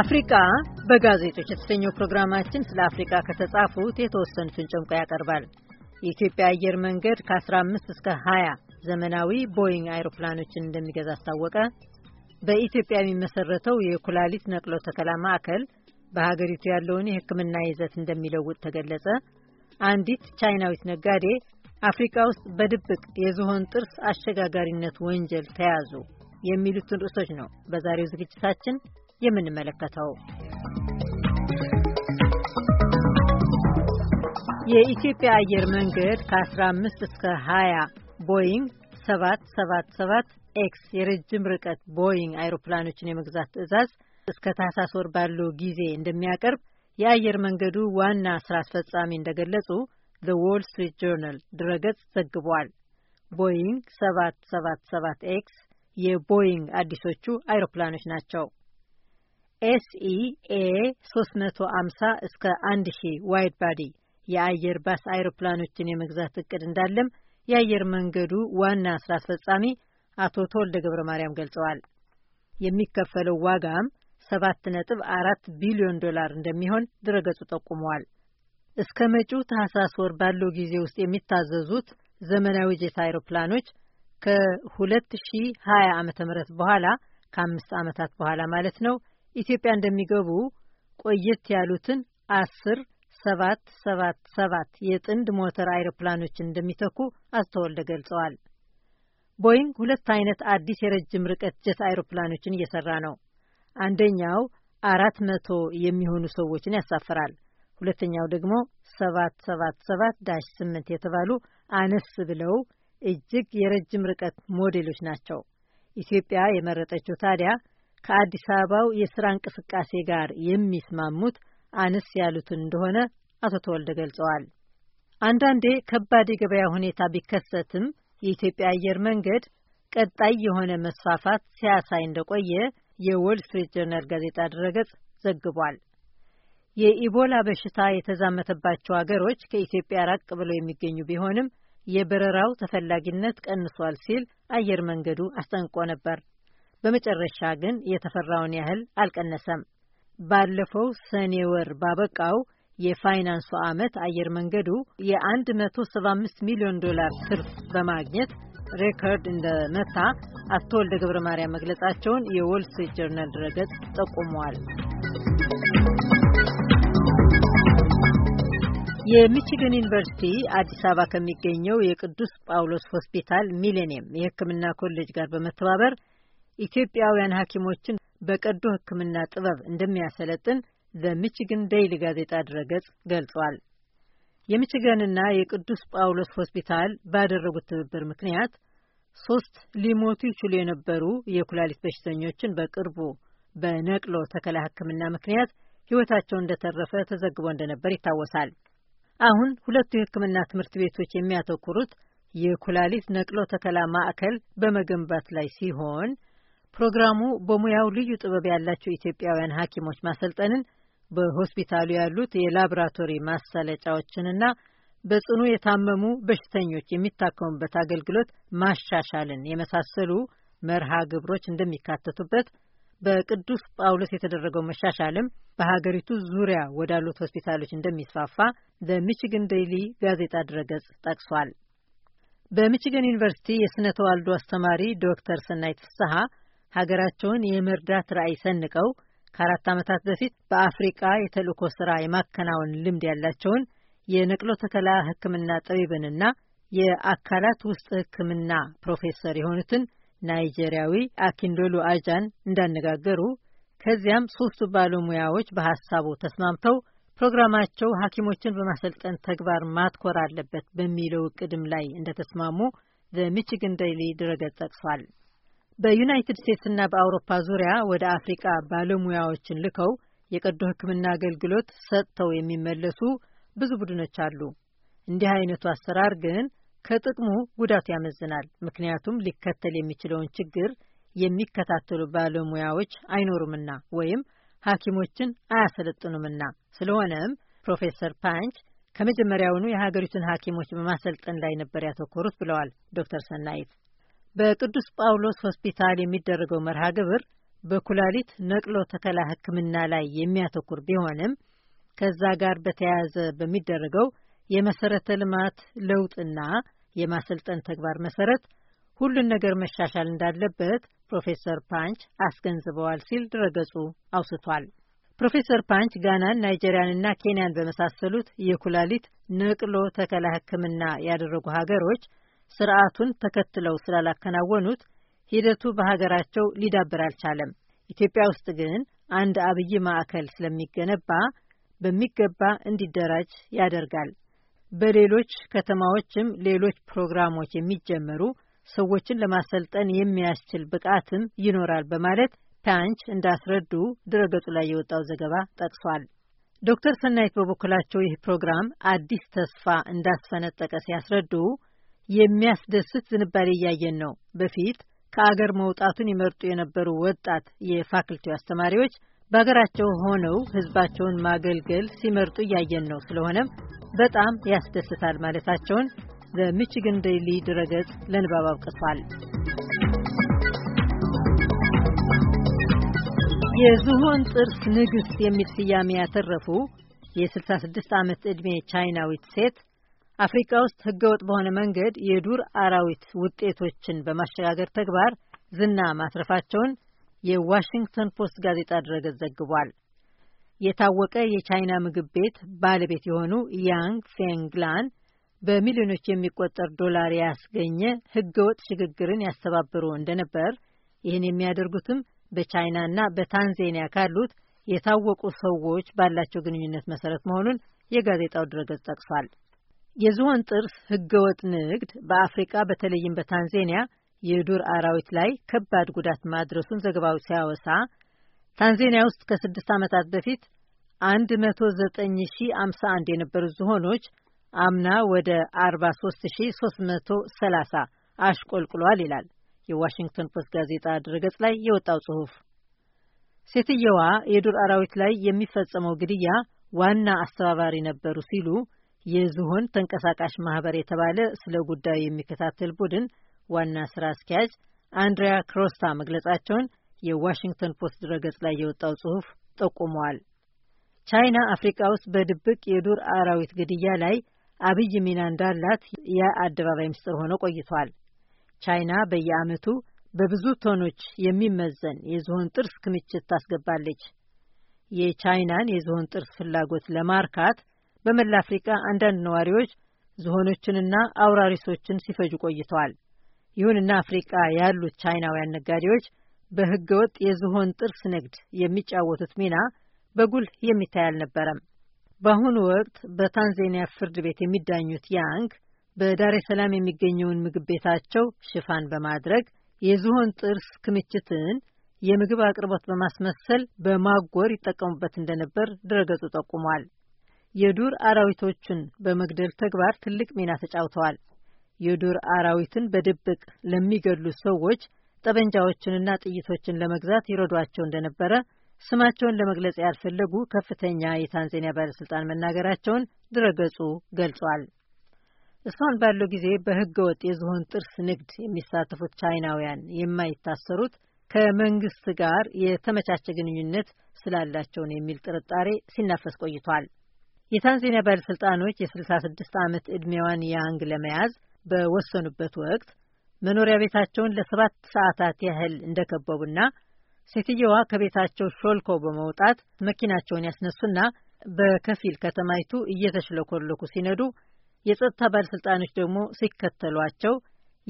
አፍሪካ በጋዜጦች የተሰኘው ፕሮግራማችን ስለ አፍሪካ ከተጻፉት የተወሰኑትን ጨምቆ ያቀርባል። የኢትዮጵያ አየር መንገድ ከ15 እስከ 20 ዘመናዊ ቦይንግ አይሮፕላኖችን እንደሚገዛ አስታወቀ፣ በኢትዮጵያ የሚመሰረተው የኩላሊት ነቅሎ ተከላ ማዕከል በሀገሪቱ ያለውን የሕክምና ይዘት እንደሚለውጥ ተገለጸ፣ አንዲት ቻይናዊት ነጋዴ አፍሪካ ውስጥ በድብቅ የዝሆን ጥርስ አሸጋጋሪነት ወንጀል ተያዙ የሚሉትን ርዕሶች ነው በዛሬው ዝግጅታችን የምንመለከተው። የኢትዮጵያ አየር መንገድ ከ15 እስከ 20 ቦይንግ 777 ኤክስ የረጅም ርቀት ቦይንግ አይሮፕላኖችን የመግዛት ትዕዛዝ እስከ ታህሳስ ወር ባለው ጊዜ እንደሚያቀርብ የአየር መንገዱ ዋና ስራ አስፈጻሚ እንደገለጹ ዘ ዎል ስትሪት ጆርናል ድረገጽ ዘግቧል። ቦይንግ 777 ኤክስ የቦይንግ አዲሶቹ አይሮፕላኖች ናቸው። ኤስኢኤ ኤ 350 እስከ 1000 ዋይድ ባዲ የአየር ባስ አይሮፕላኖችን የመግዛት እቅድ እንዳለም የአየር መንገዱ ዋና ስራ አስፈጻሚ አቶ ተወልደ ገብረ ማርያም ገልጸዋል። የሚከፈለው ዋጋም 7.4 ቢሊዮን ዶላር እንደሚሆን ድረገጹ ጠቁመዋል። እስከ መጪው ታህሳስ ወር ባለው ጊዜ ውስጥ የሚታዘዙት ዘመናዊ ጄት አይሮፕላኖች ከ2020 ዓ.ም በኋላ ከአምስት ዓመታት በኋላ ማለት ነው ኢትዮጵያ እንደሚገቡ ቆየት ያሉትን አስር ሰባት ሰባት ሰባት የጥንድ ሞተር አይሮፕላኖችን እንደሚተኩ አስተወልደ ገልጸዋል። ቦይንግ ሁለት አይነት አዲስ የረጅም ርቀት ጀት አይሮፕላኖችን እየሰራ ነው። አንደኛው አራት መቶ የሚሆኑ ሰዎችን ያሳፍራል። ሁለተኛው ደግሞ ሰባት ሰባት ሰባት ዳሽ ስምንት የተባሉ አነስ ብለው እጅግ የረጅም ርቀት ሞዴሎች ናቸው። ኢትዮጵያ የመረጠችው ታዲያ ከአዲስ አበባው የስራ እንቅስቃሴ ጋር የሚስማሙት አነስ ያሉትን እንደሆነ አቶ ተወልደ ገልጸዋል። አንዳንዴ ከባድ የገበያ ሁኔታ ቢከሰትም የኢትዮጵያ አየር መንገድ ቀጣይ የሆነ መስፋፋት ሲያሳይ እንደቆየ የወል ስትሪት ጆርናል ጋዜጣ ድረገጽ ዘግቧል። የኢቦላ በሽታ የተዛመተባቸው አገሮች ከኢትዮጵያ ራቅ ብለው የሚገኙ ቢሆንም የበረራው ተፈላጊነት ቀንሷል ሲል አየር መንገዱ አስጠንቅቆ ነበር። በመጨረሻ ግን የተፈራውን ያህል አልቀነሰም። ባለፈው ሰኔ ወር ባበቃው የፋይናንሱ ዓመት አየር መንገዱ የ175 ሚሊዮን ዶላር ትርፍ በማግኘት ሬከርድ እንደመታ አቶ ወልደ ገብረ ማርያም መግለጻቸውን የዎል ስትሪት ጆርናል ድረገጽ ጠቁሟል። የሚችገን ዩኒቨርሲቲ አዲስ አበባ ከሚገኘው የቅዱስ ጳውሎስ ሆስፒታል ሚሌኒየም የሕክምና ኮሌጅ ጋር በመተባበር ኢትዮጵያውያን ሐኪሞችን በቀዶ ሕክምና ጥበብ እንደሚያሰለጥን ሚችግን ዴይሊ ጋዜጣ ድረገጽ ገልጿል። የሚችገንና የቅዱስ ጳውሎስ ሆስፒታል ባደረጉት ትብብር ምክንያት ሶስት ሊሞቱ ይችሉ የነበሩ የኩላሊት በሽተኞችን በቅርቡ በነቅሎ ተከላ ሕክምና ምክንያት ሕይወታቸው እንደተረፈ ተዘግቦ እንደነበር ይታወሳል። አሁን ሁለቱ የሕክምና ትምህርት ቤቶች የሚያተኩሩት የኩላሊት ነቅሎ ተከላ ማዕከል በመገንባት ላይ ሲሆን ፕሮግራሙ በሙያው ልዩ ጥበብ ያላቸው ኢትዮጵያውያን ሐኪሞች ማሰልጠንን፣ በሆስፒታሉ ያሉት የላቦራቶሪ ማሳለጫዎችንና በጽኑ የታመሙ በሽተኞች የሚታከሙበት አገልግሎት ማሻሻልን የመሳሰሉ መርሃ ግብሮች እንደሚካተቱበት በቅዱስ ጳውሎስ የተደረገው መሻሻልም በሀገሪቱ ዙሪያ ወዳሉት ሆስፒታሎች እንደሚስፋፋ በሚችግን ዴይሊ ጋዜጣ ድረገጽ ጠቅሷል። በሚችገን ዩኒቨርሲቲ የሥነ ተዋልዶ አስተማሪ ዶክተር ስናይት ፍስሐ ሀገራቸውን የመርዳት ራዕይ ሰንቀው ከአራት ዓመታት በፊት በአፍሪቃ የተልእኮ ስራ የማከናወን ልምድ ያላቸውን የነቅሎ ተከላ ሕክምና ጠቢብንና የአካላት ውስጥ ሕክምና ፕሮፌሰር የሆኑትን ናይጄሪያዊ አኪንዶሉ አጃን እንዳነጋገሩ ከዚያም ሶስቱ ባለሙያዎች በሀሳቡ ተስማምተው ፕሮግራማቸው ሐኪሞችን በማሰልጠን ተግባር ማትኮር አለበት በሚለው እቅድም ላይ እንደተስማሙ በሚችግን ዴይሊ ድረገጽ ጠቅሷል። በዩናይትድ ስቴትስና በአውሮፓ ዙሪያ ወደ አፍሪቃ ባለሙያዎችን ልከው የቀዶ ሕክምና አገልግሎት ሰጥተው የሚመለሱ ብዙ ቡድኖች አሉ። እንዲህ አይነቱ አሰራር ግን ከጥቅሙ ጉዳቱ ያመዝናል። ምክንያቱም ሊከተል የሚችለውን ችግር የሚከታተሉ ባለሙያዎች አይኖሩምና ወይም ሐኪሞችን አያሰለጥኑምና። ስለሆነም ፕሮፌሰር ፓንች ከመጀመሪያውኑ የሀገሪቱን ሐኪሞች በማሰልጠን ላይ ነበር ያተኮሩት ብለዋል ዶክተር ሰናይት። በቅዱስ ጳውሎስ ሆስፒታል የሚደረገው መርሃ ግብር በኩላሊት ነቅሎ ተከላ ሕክምና ላይ የሚያተኩር ቢሆንም ከዛ ጋር በተያያዘ በሚደረገው የመሰረተ ልማት ለውጥና የማሰልጠን ተግባር መሰረት ሁሉን ነገር መሻሻል እንዳለበት ፕሮፌሰር ፓንች አስገንዝበዋል ሲል ድረገጹ አውስቷል። ፕሮፌሰር ፓንች ጋናን፣ ናይጄሪያንና ኬንያን በመሳሰሉት የኩላሊት ነቅሎ ተከላ ሕክምና ያደረጉ ሀገሮች ስርዓቱን ተከትለው ስላላከናወኑት ሂደቱ በሀገራቸው ሊዳብር አልቻለም። ኢትዮጵያ ውስጥ ግን አንድ አብይ ማዕከል ስለሚገነባ በሚገባ እንዲደራጅ ያደርጋል። በሌሎች ከተማዎችም ሌሎች ፕሮግራሞች የሚጀመሩ ሰዎችን ለማሰልጠን የሚያስችል ብቃትም ይኖራል በማለት ፓንች እንዳስረዱ ድረገጹ ላይ የወጣው ዘገባ ጠቅሷል። ዶክተር ሰናይት በበኩላቸው ይህ ፕሮግራም አዲስ ተስፋ እንዳስፈነጠቀ ሲያስረዱ የሚያስደስት ዝንባሌ እያየን ነው። በፊት ከአገር መውጣቱን ይመርጡ የነበሩ ወጣት የፋክልቲው አስተማሪዎች በሀገራቸው ሆነው ህዝባቸውን ማገልገል ሲመርጡ እያየን ነው። ስለሆነም በጣም ያስደስታል ማለታቸውን በሚችግን ዴይሊ ድረገጽ ለንባብ አብቅቷል። የዝሆን ጥርስ ንግሥት የሚል ስያሜ ያተረፉ የ66 ዓመት ዕድሜ ቻይናዊት ሴት አፍሪካ ውስጥ ህገወጥ በሆነ መንገድ የዱር አራዊት ውጤቶችን በማሸጋገር ተግባር ዝና ማትረፋቸውን የዋሽንግተን ፖስት ጋዜጣ ድረገጽ ዘግቧል። የታወቀ የቻይና ምግብ ቤት ባለቤት የሆኑ ያንግ ፌንግላን በሚሊዮኖች የሚቆጠር ዶላር ያስገኘ ህገወጥ ሽግግርን ያስተባብሩ እንደነበር ይህን የሚያደርጉትም በቻይናና በታንዜኒያ ካሉት የታወቁ ሰዎች ባላቸው ግንኙነት መሰረት መሆኑን የጋዜጣው ድረገጽ ጠቅሷል። የዝሆን ጥርስ ህገወጥ ንግድ በአፍሪካ በተለይም በታንዜኒያ የዱር አራዊት ላይ ከባድ ጉዳት ማድረሱን ዘገባው ሲያወሳ ታንዜኒያ ውስጥ ከስድስት ዓመታት በፊት 109051 የነበሩ ዝሆኖች አምና ወደ 43330 አሽቆልቁሏል ይላል የዋሽንግተን ፖስት ጋዜጣ ድረገጽ ላይ የወጣው ጽሑፍ። ሴትየዋ የዱር አራዊት ላይ የሚፈጸመው ግድያ ዋና አስተባባሪ ነበሩ ሲሉ የዝሆን ተንቀሳቃሽ ማህበር የተባለ ስለ ጉዳዩ የሚከታተል ቡድን ዋና ስራ አስኪያጅ አንድሪያ ክሮስታ መግለጻቸውን የዋሽንግተን ፖስት ድረገጽ ላይ የወጣው ጽሑፍ ጠቁመዋል። ቻይና አፍሪካ ውስጥ በድብቅ የዱር አራዊት ግድያ ላይ አብይ ሚና እንዳላት የአደባባይ ምስጢር ሆኖ ቆይቷል። ቻይና በየዓመቱ በብዙ ቶኖች የሚመዘን የዝሆን ጥርስ ክምችት ታስገባለች። የቻይናን የዝሆን ጥርስ ፍላጎት ለማርካት በመላ አፍሪካ አንዳንድ ነዋሪዎች ዝሆኖችንና አውራሪሶችን ሲፈጁ ቆይተዋል። ይሁንና አፍሪቃ ያሉት ቻይናውያን ነጋዴዎች በህገ ወጥ የዝሆን ጥርስ ንግድ የሚጫወቱት ሚና በጉልህ የሚታይ አልነበረም። በአሁኑ ወቅት በታንዛኒያ ፍርድ ቤት የሚዳኙት ያንግ በዳሬ ሰላም የሚገኘውን ምግብ ቤታቸው ሽፋን በማድረግ የዝሆን ጥርስ ክምችትን የምግብ አቅርቦት በማስመሰል በማጎር ይጠቀሙበት እንደነበር ድረገጹ ጠቁሟል። የዱር አራዊቶችን በመግደል ተግባር ትልቅ ሚና ተጫውተዋል። የዱር አራዊትን በድብቅ ለሚገድሉ ሰዎች ጠበንጃዎችንና ጥይቶችን ለመግዛት ይረዷቸው እንደነበረ ስማቸውን ለመግለጽ ያልፈለጉ ከፍተኛ የታንዛኒያ ባለሥልጣን መናገራቸውን ድረገጹ ገልጿል። እስካሁን ባለው ጊዜ በህገ ወጥ የዝሆን ጥርስ ንግድ የሚሳተፉት ቻይናውያን የማይታሰሩት ከመንግስት ጋር የተመቻቸ ግንኙነት ስላላቸውን የሚል ጥርጣሬ ሲናፈስ ቆይቷል። የታንዛኒያ ባለሥልጣኖች የ66 ዓመት ዕድሜዋን ያንግ ለመያዝ በወሰኑበት ወቅት መኖሪያ ቤታቸውን ለሰባት ሰዓታት ያህል እንደከበቡና ሴትየዋ ከቤታቸው ሾልኮ በመውጣት መኪናቸውን ያስነሱና በከፊል ከተማይቱ እየተሽለኮለኩ ሲነዱ የጸጥታ ባለሥልጣኖች ደግሞ ሲከተሏቸው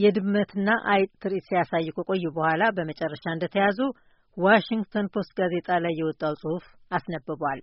የድመትና አይጥ ትርኢት ሲያሳይ ከቆዩ በኋላ በመጨረሻ እንደተያዙ ዋሽንግተን ፖስት ጋዜጣ ላይ የወጣው ጽሑፍ አስነብቧል።